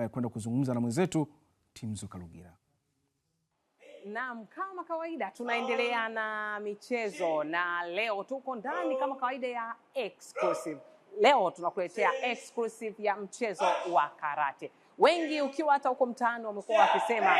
ambaye eh, kwenda kuzungumza na mwenzetu Timzuka Kalugira. Naam, kama kawaida tunaendelea na michezo na leo tuko ndani kama kawaida ya exclusive. Leo tunakuletea exclusive ya mchezo wa karate. Wengi ukiwa hata huko mtaani wamekuwa wakisema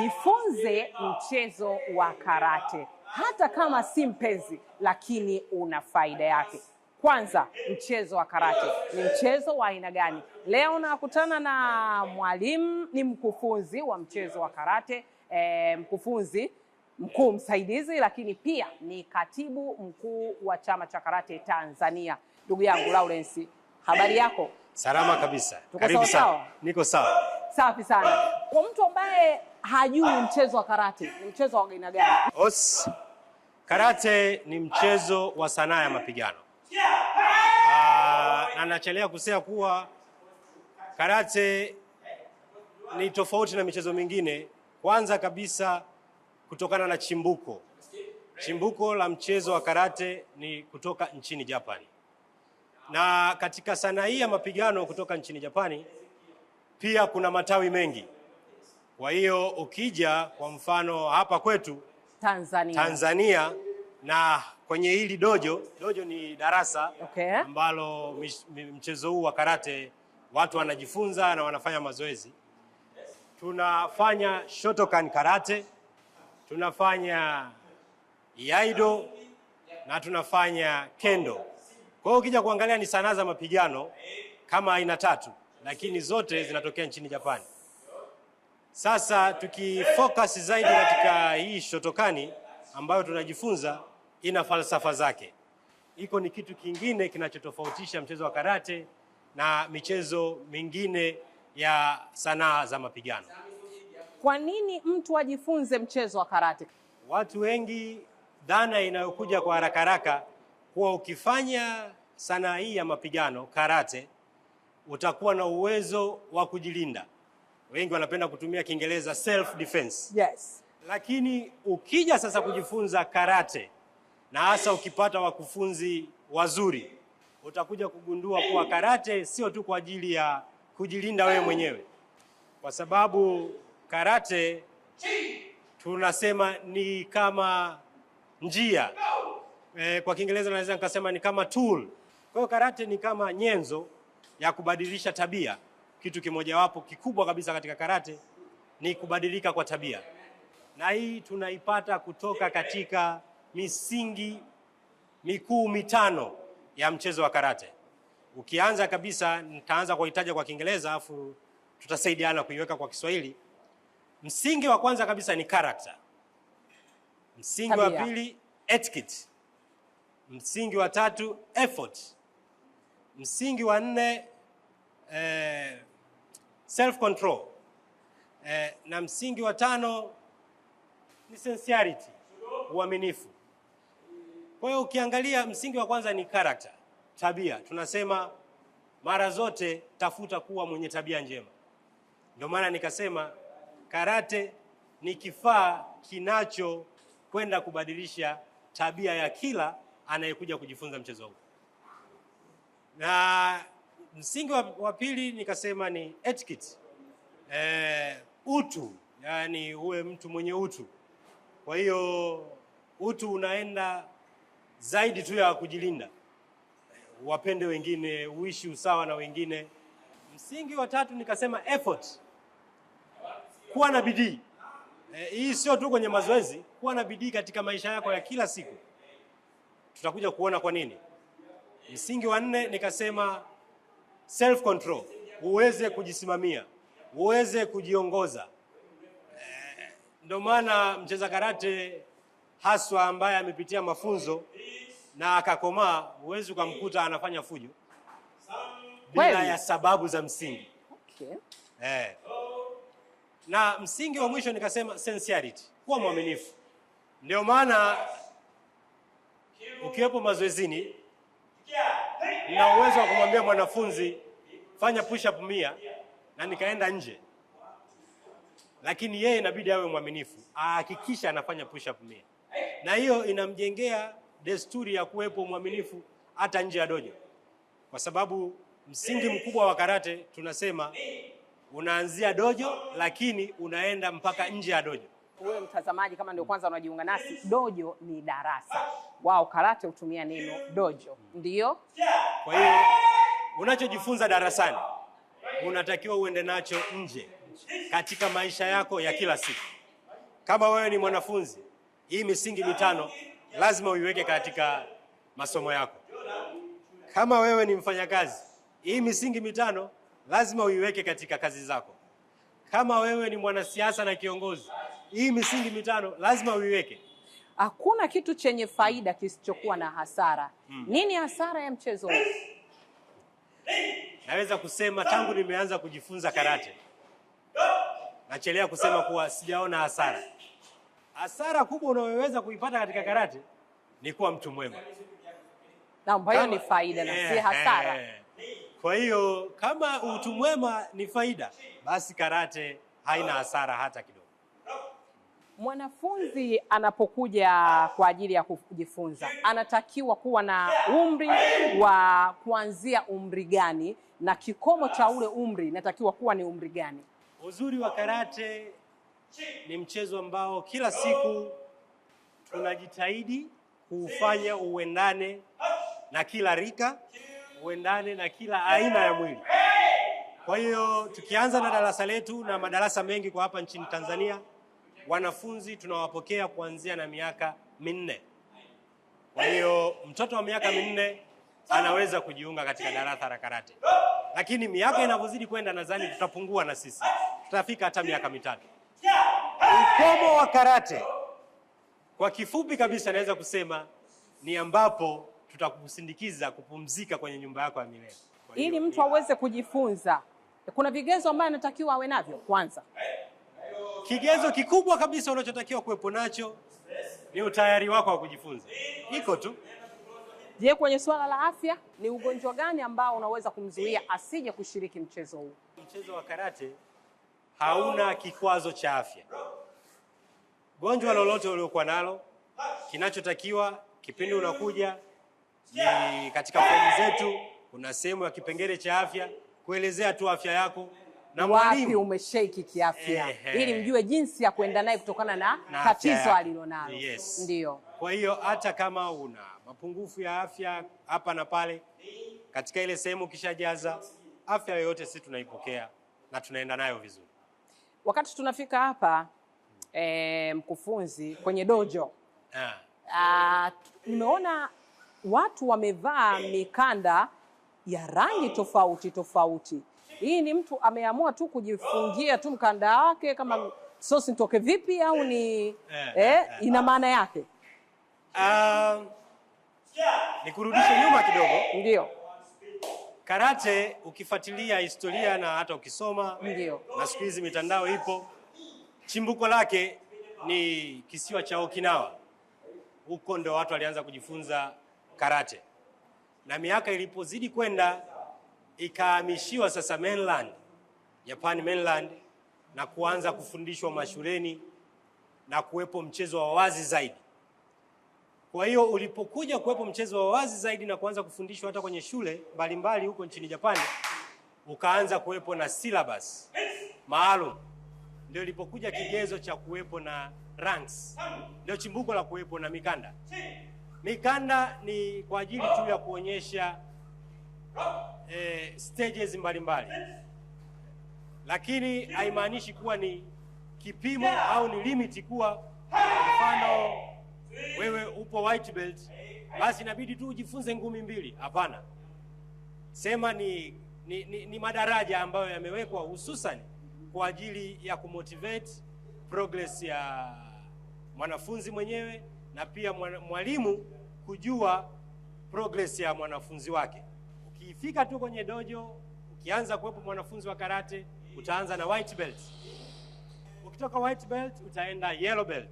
jifunze mchezo wa karate, hata kama si mpenzi, lakini una faida yake. Kwanza, mchezo wa karate ni mchezo wa aina gani? Leo nakutana na mwalimu, ni mkufunzi wa mchezo wa karate e, mkufunzi mkuu msaidizi, lakini pia ni katibu mkuu wa chama cha karate Tanzania. Ndugu yangu Lawrence, habari yako? Salama kabisa, karibu sana. Niko sawa. Safi sana. Kwa mtu ambaye hajui mchezo wa karate, ni mchezo wa aina gani? Os, karate ni mchezo wa sanaa ya mapigano anachelea kusema kuwa karate ni tofauti na michezo mingine, kwanza kabisa kutokana na chimbuko. Chimbuko la mchezo wa karate ni kutoka nchini Japani, na katika sanaa hii ya mapigano kutoka nchini Japani pia kuna matawi mengi. Kwa hiyo ukija kwa mfano hapa kwetu Tanzania, Tanzania na kwenye hili dojo, dojo ni darasa okay, ambalo mchezo huu wa karate watu wanajifunza na wanafanya mazoezi. Tunafanya Shotokan karate, tunafanya Iaido na tunafanya Kendo. Kwa hiyo ukija kuangalia ni sanaa za mapigano kama aina tatu, lakini zote zinatokea nchini Japani. Sasa tukifocus zaidi katika hii Shotokani ambayo tunajifunza ina falsafa zake. Iko ni kitu kingine kinachotofautisha mchezo wa karate na michezo mingine ya sanaa za mapigano. Kwa nini mtu ajifunze mchezo wa karate? Watu wengi dhana inayokuja kwa haraka haraka kuwa ukifanya sanaa hii ya mapigano karate, utakuwa na uwezo wa kujilinda. Wengi wanapenda kutumia Kiingereza self defense. Yes. Lakini ukija sasa kujifunza karate na hasa ukipata wakufunzi wazuri, utakuja kugundua kuwa karate sio tu kwa ajili ya kujilinda wewe mwenyewe, kwa sababu karate tunasema ni kama njia e, kwa Kiingereza naweza nikasema ni kama tool. Kwa hiyo karate ni kama nyenzo ya kubadilisha tabia. Kitu kimojawapo kikubwa kabisa katika karate ni kubadilika kwa tabia, na hii tunaipata kutoka katika misingi mikuu mitano ya mchezo wa karate. Ukianza kabisa, nitaanza kuitaja kwa Kiingereza afu tutasaidiana kuiweka kwa Kiswahili. Msingi wa kwanza kabisa ni character. Msingi Tabia. wa pili etiquette. Msingi wa tatu effort. Msingi wa nne eh, self control eh, na msingi wa tano ni sincerity, uaminifu. Kwa hiyo ukiangalia, msingi wa kwanza ni character, tabia. Tunasema mara zote tafuta kuwa mwenye tabia njema. Ndio maana nikasema karate ni kifaa kinachokwenda kubadilisha tabia ya kila anayekuja kujifunza mchezo huu. Na msingi wa pili nikasema ni etiquette. E, utu, yani uwe mtu mwenye utu. Kwa hiyo utu unaenda zaidi tu ya kujilinda, wapende wengine, uishi usawa na wengine. Msingi wa tatu nikasema effort, kuwa na bidii. E, hii sio tu kwenye mazoezi, kuwa na bidii katika maisha yako ya kila siku. Tutakuja kuona kwa nini. Msingi wa nne nikasema self control, uweze kujisimamia, uweze kujiongoza. E, ndio maana mcheza karate haswa ambaye amepitia mafunzo na akakomaa, huwezi ukamkuta anafanya fujo bila ya sababu za msingi okay. Eh. Na msingi wa mwisho nikasema sincerity, kuwa mwaminifu. Ndio maana ukiwepo mazoezini na uwezo wa kumwambia mwanafunzi fanya push up mia na nikaenda nje, lakini yeye inabidi awe mwaminifu, ahakikisha anafanya push up mia na hiyo inamjengea desturi ya kuwepo mwaminifu hata nje ya dojo, kwa sababu msingi mkubwa wa karate tunasema unaanzia dojo, lakini unaenda mpaka nje ya dojo. Wewe mtazamaji, kama ndio kwanza unajiunga nasi, dojo ni darasa. Wao karate hutumia neno dojo, ndio. Kwa hiyo unachojifunza darasani unatakiwa uende nacho nje katika maisha yako ya kila siku. Kama wewe ni mwanafunzi hii misingi mitano lazima uiweke katika masomo yako. Kama wewe ni mfanyakazi, hii misingi mitano lazima uiweke katika kazi zako. Kama wewe ni mwanasiasa na kiongozi, hii misingi mitano lazima uiweke. Hakuna kitu chenye faida kisichokuwa na hasara. Hmm. Nini hasara ya mchezo huu? Naweza kusema tangu nimeanza kujifunza karate, nachelea kusema kuwa sijaona hasara hasara kubwa unayoweza kuipata katika karate ni kuwa mtu mwema. Naam, hiyo ni faida na si hasara. Kwa hiyo kama utu mwema ni faida, basi karate haina hasara hata kidogo. Mwanafunzi anapokuja kwa ajili ya kujifunza anatakiwa kuwa na umri wa kuanzia umri gani, na kikomo cha ule umri inatakiwa kuwa ni umri gani? Uzuri wa karate ni mchezo ambao kila siku tunajitahidi kuufanya uendane na kila rika, uendane na kila aina ya mwili. Kwa hiyo tukianza na darasa letu na madarasa mengi kwa hapa nchini Tanzania, wanafunzi tunawapokea kuanzia na miaka minne. Kwa hiyo mtoto wa miaka minne anaweza kujiunga katika darasa la karate, lakini miaka inavyozidi kwenda, nadhani tutapungua na sisi tutafika hata miaka mitatu. Ukomo wa karate kwa kifupi kabisa naweza kusema ni ambapo tutakusindikiza kupumzika kwenye nyumba yako ya milele, ili mtu aweze kujifunza. Kuna vigezo ambavyo anatakiwa awe navyo. Kwanza, kigezo kikubwa kabisa unachotakiwa kuwepo nacho ni utayari wako wa kujifunza, iko tu. Je, kwenye suala la afya, ni ugonjwa gani ambao unaweza kumzuia asije kushiriki mchezo huu, mchezo wa karate? hauna kikwazo cha afya. Gonjwa lolote uliokuwa nalo, kinachotakiwa kipindi unakuja ni katika fomu zetu, kuna sehemu ya kipengele cha afya kuelezea tu afya yako na wapi umesheki kiafya eh, ili mjue jinsi ya kuenda naye kutokana na, na tatizo alilonalo. Yes. Ndio. Kwa hiyo hata kama una mapungufu ya afya hapa na pale katika ile sehemu ukishajaza afya yoyote, si tunaipokea na tunaenda nayo vizuri. Wakati tunafika hapa e, mkufunzi, kwenye dojo yeah. Ah, nimeona watu wamevaa mikanda ya rangi tofauti tofauti. Hii ni mtu ameamua tu kujifungia tu mkanda wake kama sosi ntoke vipi au ni yeah, eh, eh, ina eh. maana yake um, nikurudishe nyuma kidogo ndio Karate ukifuatilia historia na hata ukisoma ndio, na siku hizi mitandao ipo, chimbuko lake ni kisiwa cha Okinawa. Huko ndio watu walianza kujifunza karate, na miaka ilipozidi kwenda ikahamishiwa sasa mainland, Japan mainland, na kuanza kufundishwa mashuleni na kuwepo mchezo wa wazi zaidi kwa hiyo ulipokuja kuwepo mchezo wa wazi zaidi na kuanza kufundishwa hata kwenye shule mbalimbali huko nchini Japani, ukaanza kuwepo na syllabus maalum, ndio ilipokuja kigezo cha kuwepo na ranks, ndio chimbuko la kuwepo na mikanda. Mikanda ni kwa ajili tu ya kuonyesha eh, stages mbalimbali mbali. Lakini haimaanishi kuwa ni kipimo au ni limiti kuwa mfano wewe upo white belt, basi inabidi tu ujifunze ngumi mbili? Hapana, sema ni, ni, ni, ni madaraja ambayo yamewekwa hususan kwa ajili ya kumotivate progress ya mwanafunzi mwenyewe na pia mwalimu kujua progress ya mwanafunzi wake. Ukiifika tu kwenye dojo, ukianza kuwepo mwanafunzi wa karate, utaanza na white belt. Ukitoka white belt utaenda yellow belt.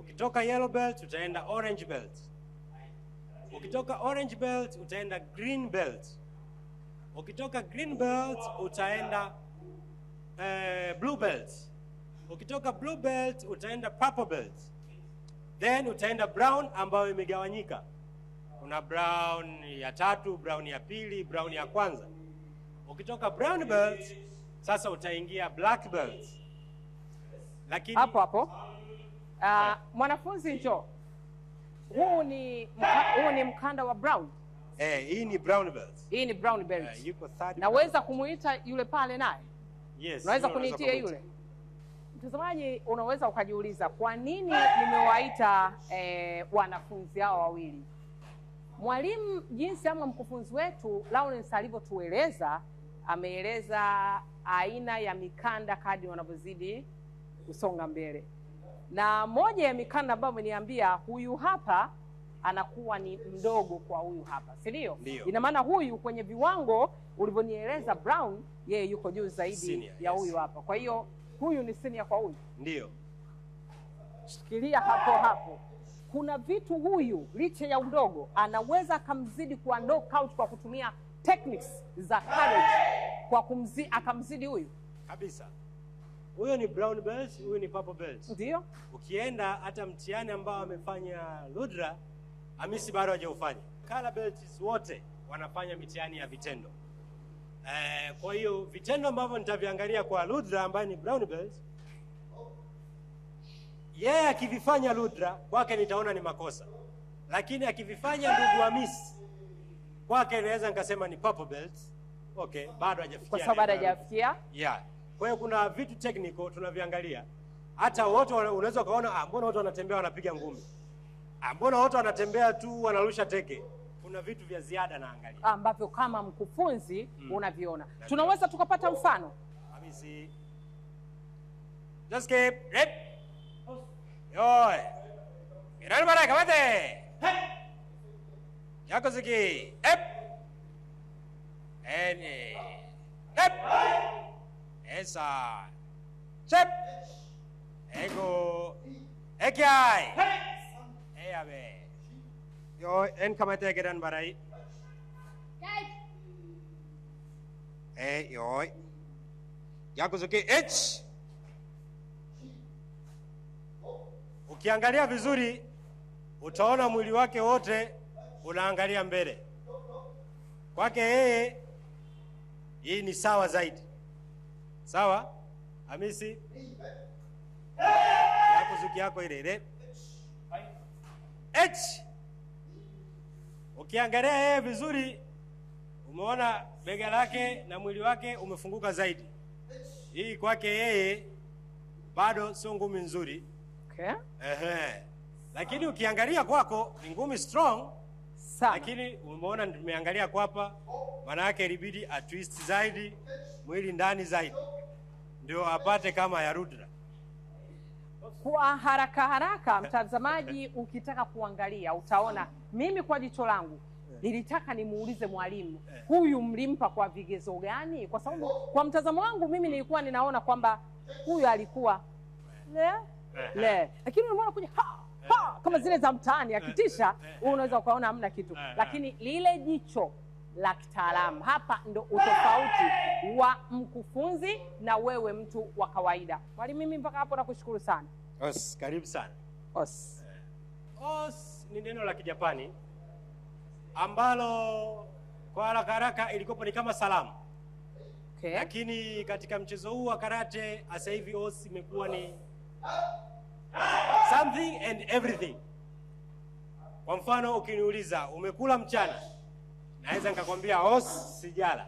Ukitoka yellow belt utaenda orange belt, ukitoka orange belt utaenda green belt, ukitoka green belt utaenda eh, blue belt, ukitoka blue belt utaenda purple belt, then utaenda brown ambayo imegawanyika. Kuna brown ya tatu, brown ya pili, brown ya kwanza. Ukitoka brown belt sasa utaingia black belt, lakini hapo hapo Uh, yeah. Eh. Mwanafunzi njo Huu ni huu ni mkanda wa brown. Eh, hii ni brown belt. Hii ni brown belt. Uh, yuko third. Naweza kumuita yule pale naye? Yes. Unaweza kuniitia yule? Mtazamaji, unaweza ukajiuliza kwa nini nimewaita eh, wanafunzi hao wawili. Mwalimu jinsi ama mkufunzi wetu Lawrence alivyotueleza, ameeleza aina ya mikanda kadi wanavyozidi kusonga mbele na moja ya mikanda ambayo ameniambia huyu hapa anakuwa ni mdogo kwa huyu hapa, si ndio? Ina maana huyu kwenye viwango ulivyonieleza Brown, yeye yuko juu zaidi senior, ya huyu yes. hapa. Kwa hiyo huyu ni senior kwa huyu, ndio shikilia hapo hapo. Kuna vitu huyu licha ya udogo anaweza akamzidi kwa knockout kwa kutumia techniques za courage, kwa kumzi, akamzidi huyu kabisa. Huyo ni brown belt, huyo ni purple belt. Ndio. Ukienda hata mtihani ambao amefanya Rudra, Hamisi bado hajaufanya. Color belts wote wanafanya mitihani ya vitendo. Eh, kwa hiyo vitendo ambavyo nitaviangalia kwa Rudra ambaye ni brown belt, yeye yeah, akivifanya Rudra kwake nitaona ni makosa, lakini akivifanya ndugu Hamisi kwake naweza nikasema ni purple belt. Okay, bado hajafikia. Kwa sababu bado hajafikia. Yeah. Kwa hiyo kuna vitu technical tunaviangalia. Hata watu unaweza ukaona ah, mbona watu wanatembea wanapiga ngumi? Ah, mbona watu wanatembea tu wanarusha teke? Kuna vitu vya ziada naangalia ambavyo kama mkufunzi mm, unaviona. Tunaweza tukapata oh. mfano Hamisi. Just keep rep. Yoy. Mirani mara kamate. Yako ziki. Ep. Eni. Pesa. Chep. Ego. Eki ai. Ekyai. Eyabe. Yo, en kamate gedan barai. E, yo. Yakuzuki H. Ukiangalia vizuri utaona mwili wake wote unaangalia mbele. Kwake yeye hii ni sawa zaidi. Sawa Hamisi, yako zuki yako ile ile. H ukiangalia yeye vizuri, umeona bega lake na mwili wake umefunguka zaidi. Hii kwake yeye bado sio ngumi nzuri, okay. Ehe, lakini ukiangalia kwako ni ngumi strong sana. Lakini umeona nimeangalia kwa hapa, maana yake ilibidi atwist zaidi mwili ndani zaidi ndio apate kama ya Rudra. Kwa haraka haraka, mtazamaji, ukitaka kuangalia utaona. Mimi kwa jicho langu nilitaka nimuulize mwalimu huyu mlimpa kwa vigezo gani, kwa sababu kwa mtazamo wangu mimi nilikuwa ninaona kwamba huyu alikuwa le le, lakini unaona kuja ha ha, kama zile za mtaani akitisha, unaweza ukaona hamna kitu, eh, eh. lakini lile jicho la kitaalamu. Hapa ndo utofauti wa mkufunzi na wewe mtu wa kawaida. Mwalimu, mimi mpaka hapo nakushukuru sana. Os, karibu sana. Os, eh. os ni neno la Kijapani ambalo kwa haraka haraka ilikopo ni kama salamu okay. Lakini katika mchezo huu wa karate sasa hivi os imekuwa ni something and everything. Kwa mfano ukiniuliza umekula mchana, naweza nikakwambia os sijala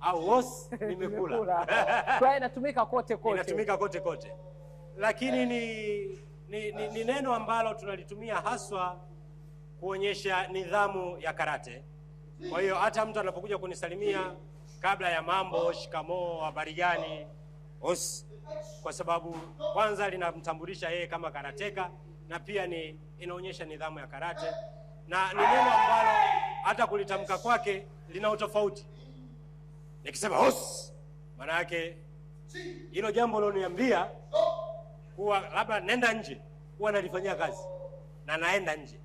au os nimekula. Kwa hiyo inatumika kote kote, inatumika kote kote, lakini ni, ni, ni, ni neno ambalo tunalitumia haswa kuonyesha nidhamu ya karate. Kwa hiyo hata mtu anapokuja kunisalimia kabla ya mambo shikamoo, habari gani Os, kwa sababu kwanza linamtambulisha yeye kama karateka na pia ni inaonyesha nidhamu ya karate na ni neno ambalo hata kulitamka kwake lina utofauti. Nikisema os, maana yake hilo jambo liloniambia kuwa labda nenda nje, huwa nalifanyia kazi na naenda nje.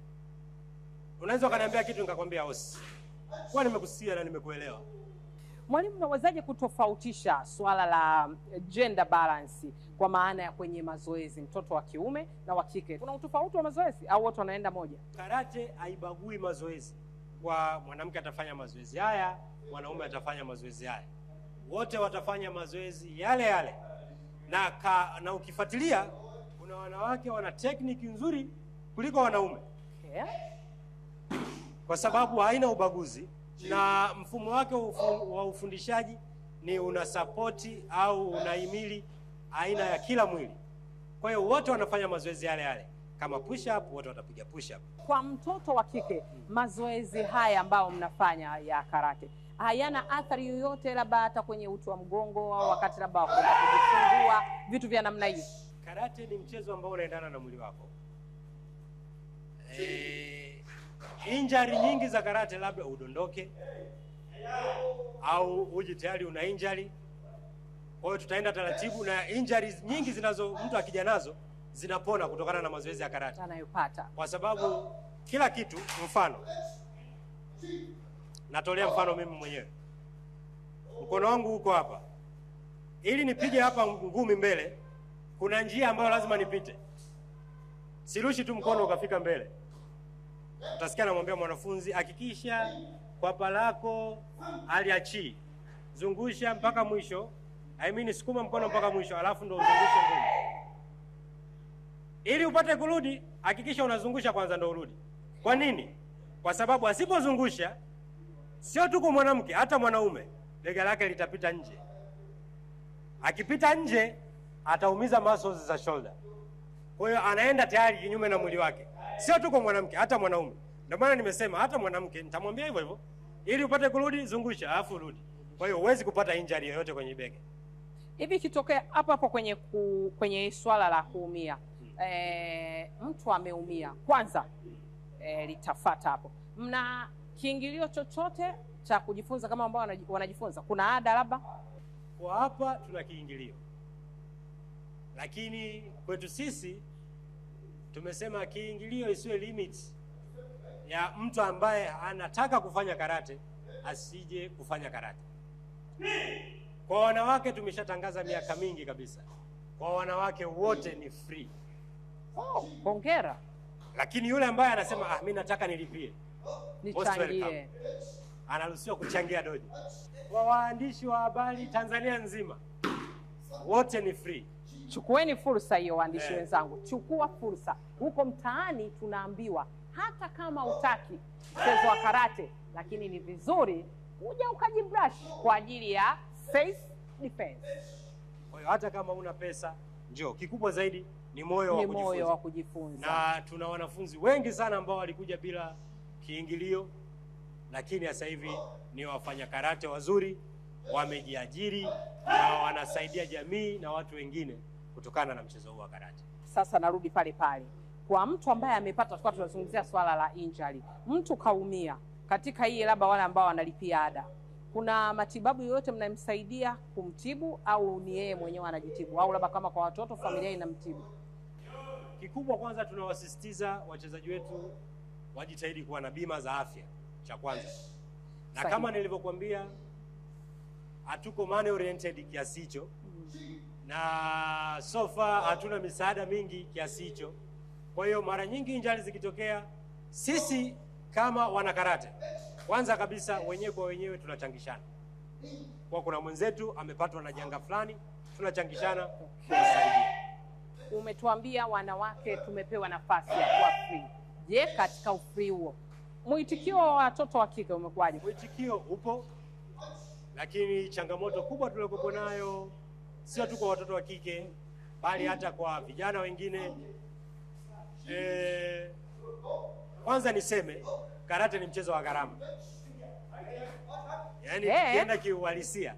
Unaweza ukaniambia kitu nikakwambia os, kuwa nimekusikia na nimekuelewa. Mwalimu, unawezaje kutofautisha swala la eh, gender balance kwa maana ya kwenye mazoezi mtoto wa kiume na wa kike, kuna utofauti wa mazoezi au wote wanaenda moja? Karate haibagui mazoezi, kwa mwanamke atafanya mazoezi haya, mwanaume atafanya mazoezi haya, wote watafanya mazoezi yale yale na, ka, na ukifuatilia kuna wanawake wana tekniki nzuri kuliko wanaume yeah. Kwa sababu haina ubaguzi na mfumo wake wa ufundishaji ni una sapoti au unahimili aina ya kila mwili. Kwa hiyo wote wanafanya mazoezi yale yale kama push up, wote watapiga push up. Kwa mtoto wa kike, mazoezi haya ambayo mnafanya ya karate hayana athari yoyote, labda hata kwenye uti wa mgongo au wakati labda wa kujifungua, vitu vya namna hiyo? Karate ni mchezo ambao unaendana na mwili wako. Hey. Eh, injari nyingi za karate, labda udondoke au uji tayari una injari. Kwa hiyo tutaenda taratibu na injari nyingi zinazo mtu akija nazo zinapona kutokana na mazoezi ya karate anayopata, kwa sababu kila kitu. Mfano, natolea mfano mimi mwenyewe, mkono wangu huko hapa, ili nipige hapa ngumi mbele, kuna njia ambayo lazima nipite, sirushi tu mkono ukafika mbele Utasikia namwambia mwanafunzi, hakikisha kwapa lako aliachii, zungusha mpaka mwisho. I mean, sukuma mkono mpaka mwisho, alafu ndo uzungushe ngumi. Ili upate kurudi, hakikisha unazungusha kwanza ndo urudi. Kwa nini? Kwa sababu asipozungusha, sio tu kwa mwanamke, hata mwanaume bega lake litapita nje. Akipita nje, ataumiza muscles za shoulder, kwa hiyo anaenda tayari kinyume na mwili wake sio tu kwa mwanamke, hata mwanaume. Ndio maana nimesema hata mwanamke nitamwambia hivyo hivyo, ili upate kurudi zungusha, alafu rudi. Kwa hiyo huwezi kupata injury yoyote kwenye bega. Hivi ikitokea hapo hapo kwenye ku, kwenye swala la kuumia E, mtu ameumia kwanza e, litafata hapo, mna kiingilio chochote cha kujifunza kama ambao wanajifunza, kuna ada labda? Kwa hapa tuna kiingilio, lakini kwetu sisi Tumesema kiingilio isiwe limit ya mtu ambaye anataka kufanya karate asije kufanya karate. Kwa wanawake tumeshatangaza miaka mingi kabisa, kwa wanawake wote ni free. Oh, hongera. Lakini yule ambaye anasema ah, mimi nataka nilipie, nichangie, anaruhusiwa kuchangia dojo. Kwa waandishi wa habari Tanzania nzima wote ni free. Chukueni fursa hiyo, waandishi eh. wenzangu, chukua fursa. Huko mtaani tunaambiwa hata kama utaki mchezo wa karate, lakini ni vizuri uja ukajibrush kwa ajili ya self defense. Kwa hiyo hata kama una pesa njoo, kikubwa zaidi ni moyo wa kujifunza. wa kujifunza. Na tuna wanafunzi wengi sana ambao walikuja bila kiingilio, lakini sasa hivi ni wafanya karate wazuri, wamejiajiri na wanasaidia jamii na watu wengine kutokana na mchezo huu wa karate. Sasa narudi pale pale kwa mtu ambaye amepata, tulikuwa tunazungumzia swala la injury, mtu kaumia katika hii, labda wale ambao wanalipia ada, kuna matibabu yoyote mnamsaidia kumtibu au ni yeye mwenyewe anajitibu, au labda kama kwa watoto familia inamtibu? Kikubwa kwanza, tunawasisitiza wachezaji wetu wajitahidi kuwa na bima za afya, cha kwanza na Kama nilivyokuambia hatuko money oriented kiasi hicho mm -hmm na sofa hatuna misaada mingi kiasi hicho. Kwa hiyo mara nyingi ajali zikitokea, sisi kama wanakarate, kwanza kabisa wenyewe kwa wenyewe tunachangishana, kwa kuna mwenzetu amepatwa na janga fulani, tunachangishana kusaidia. Umetuambia wanawake tumepewa nafasi ya kuwa free. Je, katika ufree huo mwitikio wa watoto wa kike umekuwaje? Mwitikio upo, lakini changamoto kubwa tuliokuwa nayo sio tu kwa watoto wa kike bali hata kwa vijana wengine. E, kwanza niseme karate ni mchezo wa gharama, yaani tukienda eh. hey, kiuhalisia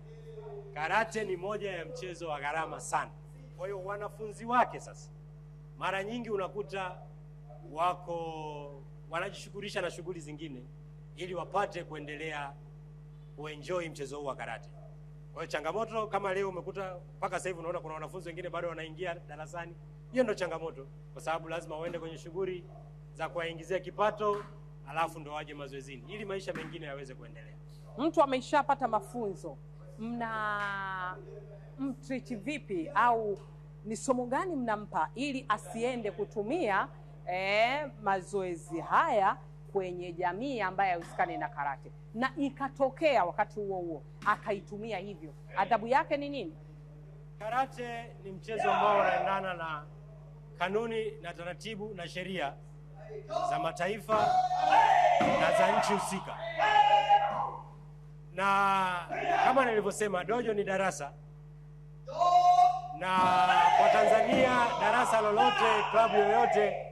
karate ni moja ya mchezo wa gharama sana. Kwa hiyo wanafunzi wake sasa, mara nyingi unakuta wako wanajishughulisha na shughuli zingine ili wapate kuendelea kuenjoy mchezo huu wa karate. Kwa changamoto kama leo umekuta mpaka sasa hivi unaona kuna wanafunzi wengine bado wanaingia darasani, hiyo ndio changamoto, kwa sababu lazima waende kwenye shughuli za kuwaingizia kipato, alafu ndo waje mazoezini ili maisha mengine yaweze kuendelea. Mtu ameshapata mafunzo, mna mtreat vipi au ni somo gani mnampa ili asiende kutumia eh, mazoezi haya kwenye jamii ambayo hahusikani na karate? na ikatokea wakati huo huo akaitumia hivyo, eh. adhabu yake ni nini? Karate ni mchezo ambao unaendana na kanuni na taratibu na sheria za mataifa na za nchi husika, na kama nilivyosema, dojo ni darasa, na kwa Tanzania darasa lolote, klabu yoyote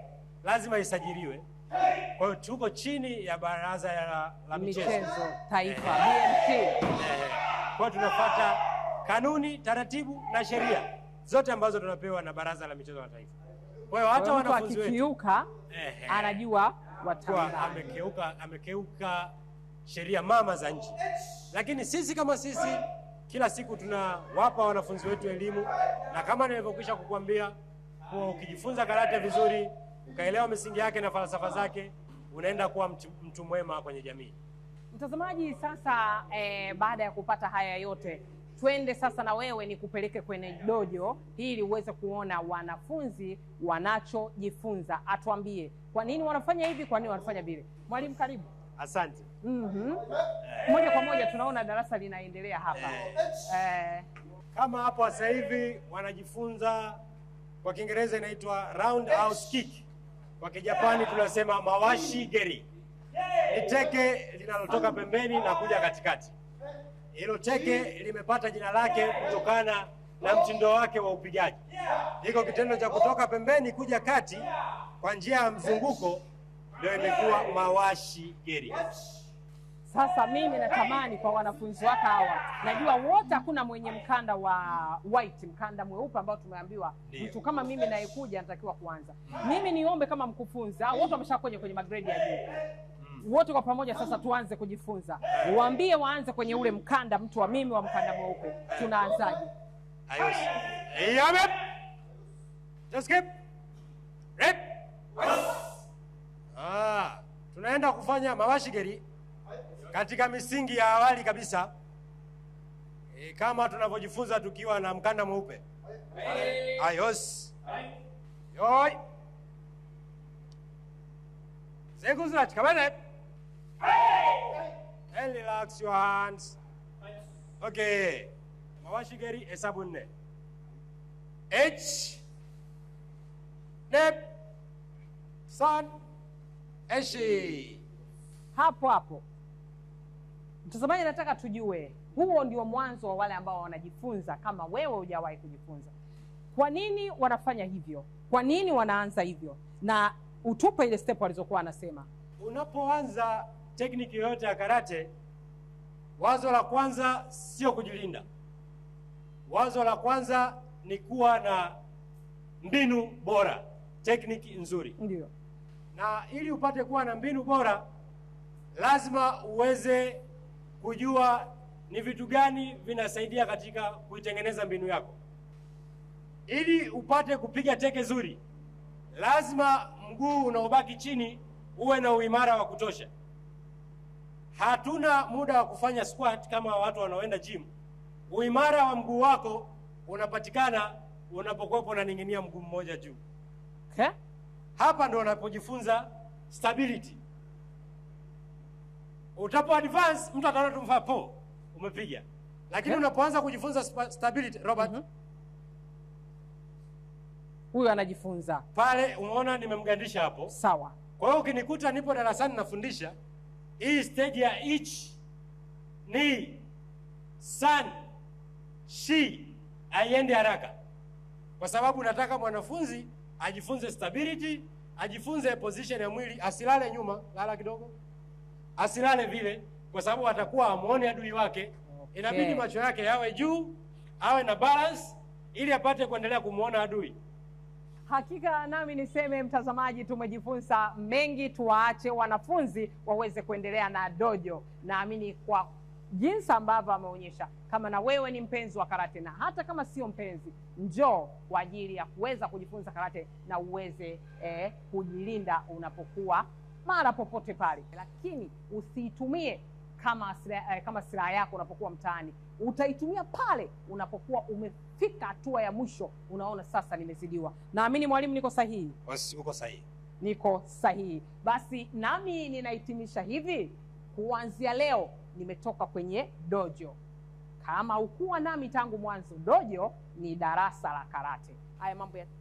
lazima isajiliwe kwa hiyo tuko chini ya baraza ya la michezo taifa eh. BMT. Eh. Kwa tunafuata kanuni, taratibu na sheria zote ambazo tunapewa na baraza la michezo la taifa. Kwa hiyo hata wanafunzi wetu akikiuka eh. anajua watamba. Amekeuka, amekeuka sheria mama za nchi, lakini sisi kama sisi kila siku tunawapa wanafunzi wetu elimu, na kama nilivyokwisha kukuambia, kwa ukijifunza karate vizuri ukaelewa misingi yake na falsafa zake, unaenda kuwa mtu, mtu mwema kwenye jamii. Mtazamaji, sasa eh, baada ya kupata haya yote twende sasa na wewe ni kupeleke kwenye dojo ili uweze kuona wanafunzi wanachojifunza. Atuambie kwa nini wanafanya hivi, kwa nini wanafanya vile. Mwalimu, karibu. Asante. mm -hmm. Moja kwa moja tunaona darasa linaendelea hapa eh. eh. Kama hapo sasa hivi wanajifunza kwa Kiingereza inaitwa roundhouse kick kwa Kijapani tunasema mawashi geri, ni teke linalotoka pembeni na kuja katikati. Hilo teke limepata jina lake kutokana na mtindo wake wa upigaji. Hiko kitendo cha kutoka pembeni kuja kati kwa njia ya mzunguko ndio imekuwa mawashi geri. Sasa mimi natamani kwa wanafunzi wako hawa, najua wote hakuna mwenye mkanda wa white, mkanda mweupe ambao tumeambiwa mtu kama mimi nayekuja anatakiwa kuanza. Mimi niombe kama mkufunzi, hao wote wameshakuja kwenye magredi ya juu hmm. wote kwa pamoja sasa tuanze kujifunza, eh. waambie waanze kwenye ule mkanda mtu wa mimi wa mkanda mweupe. Tunaanzaje? Ah, tunaenda kufanya mawashigeri katika misingi ya awali kabisa e, kama tunavyojifunza tukiwa na mkanda mweupe ayos yoi Sekundat, come on And relax your hands. Okay. Mawashigeri hesabu nne. H nep san eshi. Hapo hapo. Mtazamaji, nataka tujue, huo ndio mwanzo wa wale ambao wanajifunza kama wewe hujawahi kujifunza. Kwa nini wanafanya hivyo? Kwa nini wanaanza hivyo? Na utupe ile step walizokuwa wanasema. Unapoanza tekniki yoyote ya karate, wazo la kwanza sio kujilinda. Wazo la kwanza ni kuwa na mbinu bora, tekniki nzuri. Ndiyo. Na ili upate kuwa na mbinu bora lazima uweze kujua ni vitu gani vinasaidia katika kuitengeneza mbinu yako. Ili upate kupiga teke zuri, lazima mguu unaobaki chini uwe na uimara wa kutosha. Hatuna muda wa kufanya squat kama watu wanaoenda gym. Uimara wa mguu wako unapatikana unapokuwa unaning'inia mguu mmoja juu. Okay. Hapa ndo unapojifunza stability. Utapo advance mtu ataona tu mfapo umepiga, lakini yeah. Unapoanza kujifunza stability Robert, mm huyo -hmm. anajifunza pale, umeona nimemgandisha hapo, sawa. Kwa hiyo ukinikuta nipo darasani nafundisha hii stage ya each ni san shi aiende haraka, kwa sababu nataka mwanafunzi ajifunze stability, ajifunze position ya mwili, asilale nyuma, lala kidogo asilale vile, kwa sababu atakuwa amuone adui wake. Okay. Inabidi macho yake yawe juu, awe na balance ili apate kuendelea kumwona adui. Hakika nami niseme mtazamaji, tumejifunza mengi. Tuwaache wanafunzi waweze kuendelea na dojo, naamini kwa jinsi ambavyo ameonyesha. Kama na wewe ni mpenzi wa karate, na hata kama sio mpenzi, njoo kwa ajili ya kuweza kujifunza karate na uweze eh, kujilinda unapokuwa mara popote pale, lakini usiitumie kama silaha, eh, kama silaha yako unapokuwa mtaani. Utaitumia pale unapokuwa umefika hatua ya mwisho, unaona sasa nimezidiwa. Naamini mwalimu, niko sahihi? Uko sahihi, niko sahihi. Basi nami ninahitimisha hivi, kuanzia leo nimetoka kwenye dojo. Kama hukuwa nami tangu mwanzo, dojo ni darasa la karate. Haya mambo ya ta,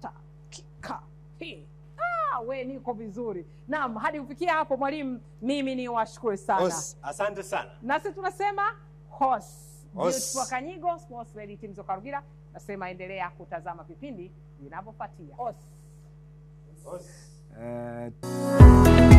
ta, kika, hii ah, we niko vizuri. Naam, hadi kufikia hapo mwalimu, mimi ni washukuru sana Os, asante sana. Nasi tunasema hos Kanyigo Sports Team nasema endelea kutazama vipindi vinavyofuatia. Uh...